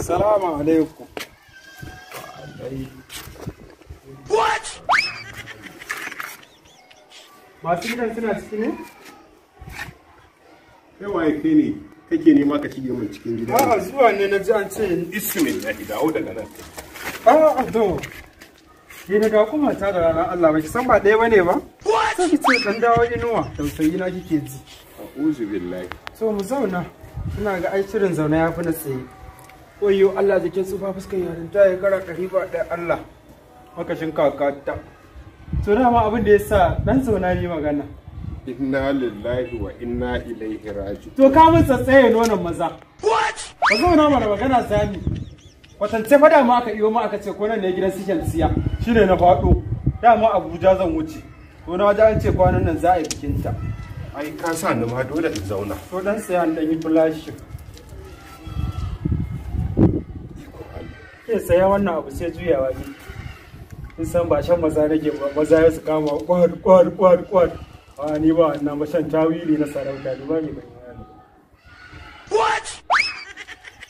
Salamu alaikum. What? Masu gidan suna ciki ne? Yau ya kai ne kake nema ka cige min cikin gida. A'a zuwa ne na ji an ce bismillahi dawo daga nan. A'a to. Ke na ga kuma ta da ranar Allah ba ki san ba ɗaya ba ne ba? Sai ki ce dan dawo inuwa tausayi na kike ji. A'udhu billahi. So mu zauna. Ina ga ai shirin zauna ya fi na tsaye. wayo Allah jikin tsufa fuskan ta ya kara ɗari ba ɗaya Allah makashin ta. to dama abin da ya sa ɗan sauna ne magana inna lillahi wa inna ilaihi raji to ka mun tsatsaye nonon maza ka zauna mana magana sami kwatance fa ma aka iyo ma aka ce ko nan ne gidan sikin siya shine na faɗo dama abuja zan wuce to na waje an ce kwanan nan za a yi bikin ta. ai ka sa ni ma dole in zauna to dan saya dan yi flashing. sai saya wannan abu sai juyawa ne in san ba shan maza nake ba maza ya su kama kwad kwad kwad kwad a ni ba wannan ba shan tawili na sarauta duba ne ban yana what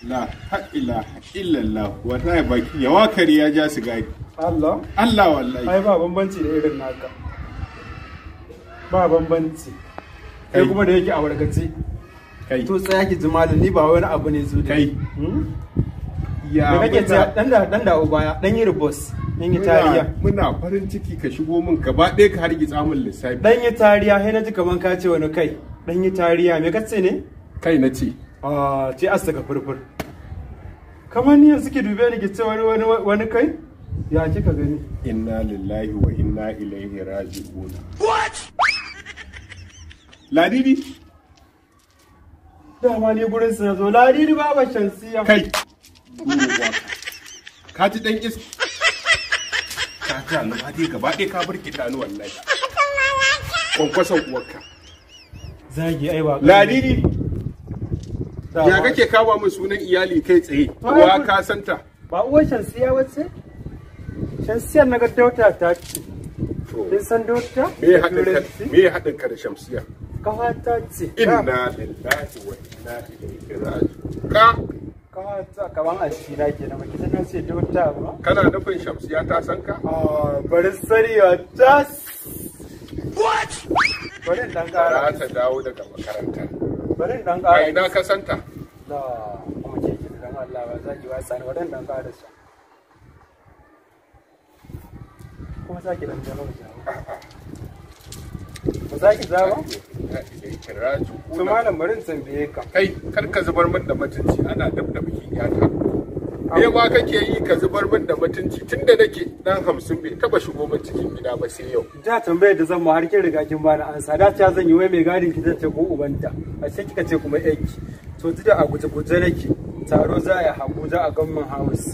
la ilaha illallah wallahi baki ya wakari ya ja su gari Allah Allah wallahi ai ba bambanci da irin naka ba bambanci kai kuma da yake a warkace kai to tsaya ki jimalin ni ba wani abu ne zo kai ya kake cewa dan da dan da dan yi ribos dan yi tariya muna farin ciki ka shigo min gaba ɗaya ka hargitsa min lissafi dan yi tariya sai na ji kaman ka ce wani kai dan yi tariya me ka ce ne kai na ce a ce asaka furfur kamar ni yanzu ke dube ni ki ce wani wani wani kai ya kika gani inna lillahi wa inna ilaihi raji'un what ladidi dama ne gurin sa zo ladidi baba shansiya kai ka ji dan is ka ji alama dai gaba ɗaya ka bar kiɗa ni wallahi kwankwasan uwarka zagi ai ba ladidi ya kake kawo min sunan iyali kai tsaye wa ka santa ba uwar shansiya wacce shansiyar na ga gaddauta ta ce kin san dauta me haɗin ka da shamsiya kawata ce inna lillahi wa inna ilaihi raji'un ka kamar kaman a na ke na baki sanar ce dokta ba kana nufin shamsiya ta san ka a ah, bari sarewa ta what bari dan kara ta dawo daga makaranta bari dan kara ai na ka santa da kuma ke ki dan Allah ba za ki wasa ni bari dan kara sa kuma za ki dan jama'a ba za ki zama? ta ilaika raji'un to malam bari in tambaye ka kai kar ka zubar min da mutunci ana dab da bikin yata me ma kake yi ka zubar min da mutunci tunda nake dan hamsin bai taba shigo min cikin gida ba sai yau da tambayar da zan ma har kin riga kin bani ansa da ta zan yi wai mai gadin ki tace ko ubanta a sai kika ce kuma yanki to tunda a guje guje nake taro za a yi haku za a gamman house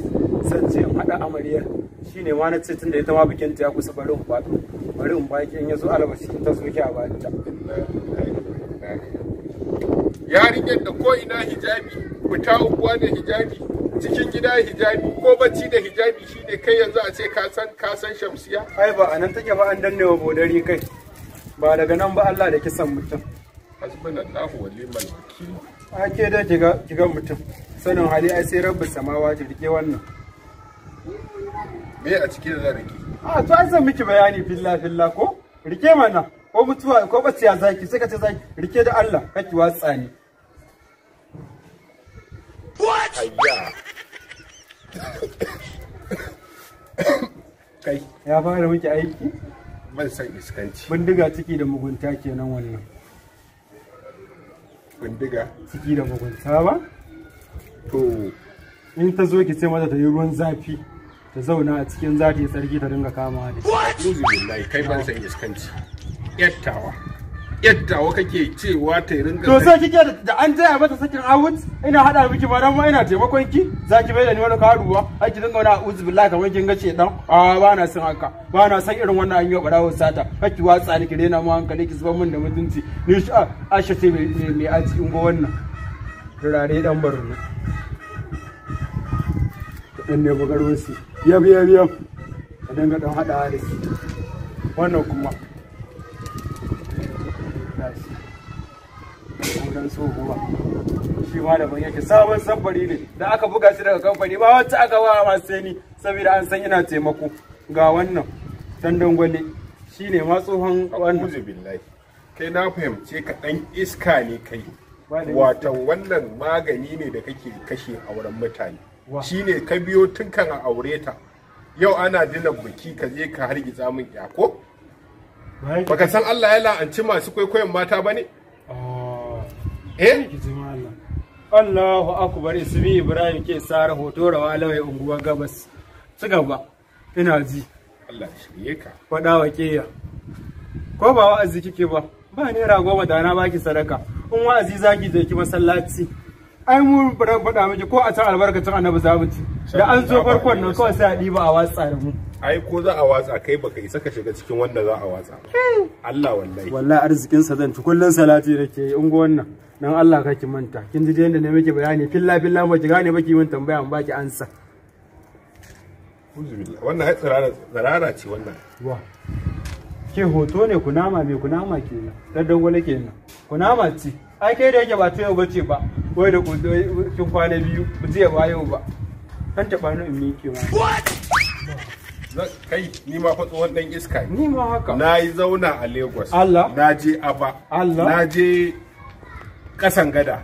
sai ce haɗa hada amaryar shine ma na ce tunda ita ma bikin ta ya kusa barin faɗo bari in baki in yaso albashi ta soke a bani ta yarinyar da ko ina hijabi fita uwa da hijabi cikin gida hijabi ko bacci da hijabi shi shine kai yanzu a ce ka san ka san shamsiya ai ba anan take ba an danne wa bodari kai ba daga nan ba Allah da kisan mutum hasbunallahu wa ni'mal wakil ake da kiga kiga mutum sanin hali ai sai rabbi samawa ta rike wannan me a cikin da rike a to an san miki bayani filla filla ko rike mana ko mutuwa ko baciya zaki sai ka ce zaki rike da Allah kake watsa ni kai ya fara miki aiki ban san iskanci bindiga ciki da mugunta kenan wannan bindiga ciki da mugunta ba to in ta zo ki ce mata ta yi ruwan zafi ta zauna a cikin zafi yi tsarki ta dinga kama da shi. Uzu kai ban san iskanci. Yattawa. Yattawa kake cewa ta ringa. To sai kike da an taya mata sakin awut ina hada miki ba dan ma ina taimakon ki zaki bai da ni wani karuwa ai ki dinga wani uzu billahi kamar kin ga ce dan a ba na son haka ba na son irin wannan an yi barawar sata kake watsa ni ki rena mu hankali ki zuba min da mutunci ni Aisha sai mai aji go wannan. Turare dan barno. dan ne bugarwar su yab biya yab ka dinga dan hada da su wannan kuma shi ma da yake sabon sabbari ne da aka buga shi daga kamfani ba wacce aka ba masu sani saboda an san yana taimako ga wannan gwale shi ne ma tsohon wannan billahi kai na fahimce ka iska ne kai watan wannan magani ne da kake kashe a wurin mutane shine ka biyo tun kan a aure ta yau ana dina buki ka je ka hargitsa min ya ko baka san Allah ya la'anci masu kwaikwayon mata bane ah. eh Allahu akbar ismi Ibrahim ke sara hoto rawa lawai unguwar gabas ci gaba ina ji Allah shirye ka faɗa wa keya ko ba wa'azi kike ba ba ne ragowa dana baki sadaka in wa'azi zaki je ki masallaci ai mu bara faɗa miki ko a san albarkacin annabi zabuci da an zo farkon nan kawai sai a ɗiba a watsa da mu ai ko za a watsa kai baka isa ka shiga cikin wanda za a watsa hmm. Allah wallahi wallahi arzikin sa zan ci kullun salati nake yi ungo wannan nan Allah ka ki manta kin ji yadda na muke bayani filla filla ba ki gane ba ki min tambaya ba ki ansa wannan ai tsirara ce wannan wa ke hoto ne kunama me kunama kenan dan dangwale kenan kunama ce ai kai da yake ba ta yau ce ba wai da kin kwana biyu ba zai ba yau ba an taɓa ni in ke ma kai ni ma fa tsohon dan iska ni ma haka na yi zauna a lagos Allah na je aba Allah na je kasan gada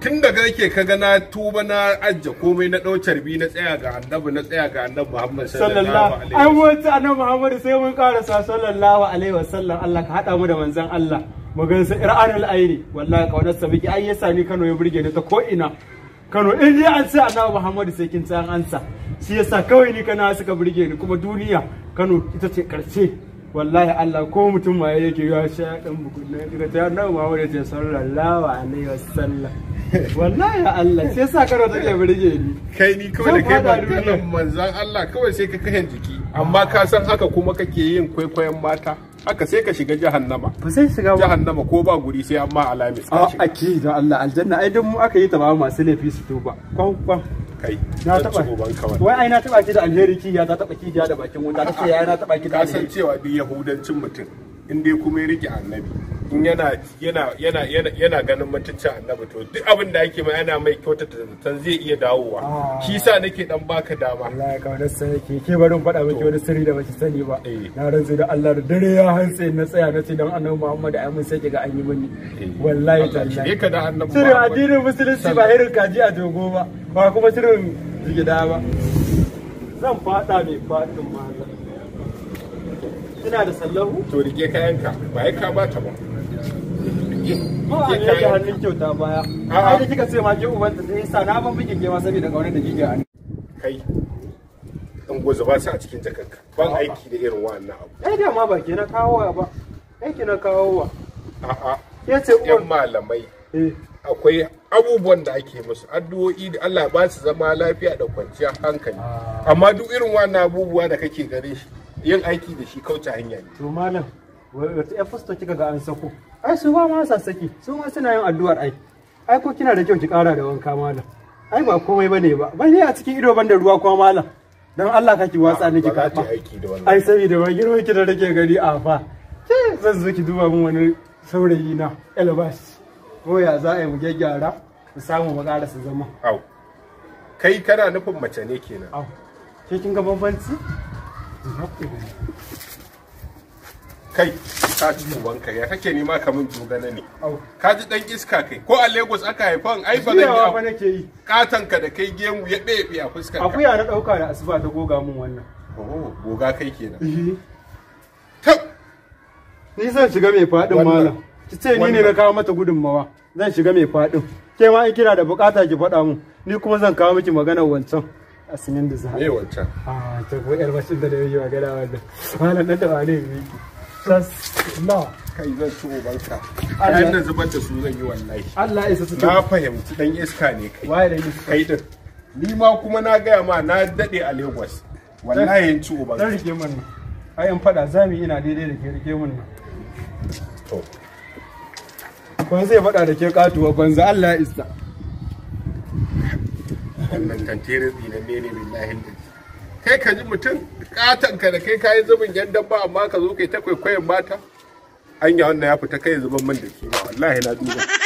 tun daga yake kaga na tuba na ajja komai na ɗau carbi na tsaya ga annabi na tsaya ga annabi Muhammad sallallahu alaihi wasallam an wuce annabi Muhammad sai mun karasa sallallahu alaihi wasallam Allah ka hada mu da manzon Allah magansa ir'an al'aini wallahi kaunar sa biki ai ya sani Kano ya burge ni ta ko ina Kano in dai an sai Annabi Muhammadu sai kin san ansa shi yasa kawai ni kana suka burge ni kuma duniya Kano ita ce karshe wallahi Allah ko mutum ma yake ya sha dan bukunna daga ta Annabi Muhammadu ya ce sallallahu alaihi wasallam wallahi Allah sai yasa Kano take burge ni kai ni kawai da kai ba manzon Allah kawai sai ka kahin jiki amma ka san haka kuma kake yin kwaikwayon mata haka sai ka shiga jahannama ba sai shiga ba jahannama ko ba guri sai amma alami a ki da Allah aljanna ai dan mu aka yi ta ba masu laifi su tuba kwan kwan kai na taba wai ai na taba ki da alheri ki ya ta taba ki da bakin wuta ta ce ya na taba ki da alheri cewa bi yahudancin mutum in dai kuma ya rike annabi in yana yana yana yana ganin mutuncin annabi to duk abin da ake mai yana mai kyautata zaton zai iya dawowa ah. shi yasa nake dan baka dama Allah ya kawo sai yake ke barin faɗa miki wani sirri da baki sani ba eh. na rantsu da Allah da dare ya hantse na tsaya na ce dan annabi Muhammad ai mun sake ga an yi mini eh. wallahi Allah ka da annabi sirri addinin musulunci ba irin kaji a dogo ba ba kuma sirrin jigida ba zan faɗa mai fatin ma ina da sallahu to rike kayanka. ba ya ka bata ba ko a ne da hannun kyauta baya ai da kika ce ma ke ubanta da yasa na ban bige ke ma saboda kaunar da kike a kai dan goza ba su a cikin jakanka ban aiki da irin wannan abu ai da ma ba ke na kawo ba aiki na kawo wa a'a ya ce uwan malamai eh. akwai abubuwan da ake musu addu'o'i da Allah ba su zama lafiya da kwanciyar hankali ah. amma duk irin wannan abubuwa da kake gare shi yin aiki da shi kauce hanya ne to malam wata ƴan fusto kika ga an sako ai su ba ma sa saki su ma suna yin addu'ar ai ai ko kina da kyau ki kara da wanka malam ai ba komai bane ba ban a cikin ido ban da ruwa kuma malam dan Allah ka ki watsa nake ka ba aiki da ai saboda ba girma ki da rage gari a fa ke zan zo ki duba min wani saurayi na Elbas ko ya za a yi mu gyaggyara mu samu mu su zama au kai kana nufin mace ne kenan au ke kin ga bambanci kai ka tuban kai ya kake nema ka min dogana ne ka ji dan iska kai ko a Lagos aka haifa an ai ba zan ba nake yi katan ka da kai gemu ya bebe a fuskar ka akuya na dauka da asuba ta goga min wannan oh goga kai kenan ni zan shiga mai fadin malam ki ce ni ne na kawo mata gudunmawa zan shiga mai fadin ke ma in kina da bukata ki faɗa mu ni kuma zan kawo miki maganar wancan a sinin da zahabi. Eh wancan. Ah to ko yar bashin da da yayi magana wannan. Malam dan da ba ne bi. Sas na kai zan ci ubanka. Allah da zubar da su zan yi wallahi. Allah isa su. Na fahimci dan iska ne kai. Wai dan iska. Kai din. Ni ma kuma na gaya ma na dade a Lagos. Wallahi yin ci ubanka. Dan rike mun nan. Ai in fada zami ina daidai da ke rike mun nan. To. Kun zai fada da ke katuwa banza Allah ya isa. wannan kantirin tsinanne ne billahi kai ka ji mutum katanka da kai kayi zubin yan dabba amma ka zo kai ta kwaikwayon mata anya wannan ya fita kai zuban man da kima wallahi na duba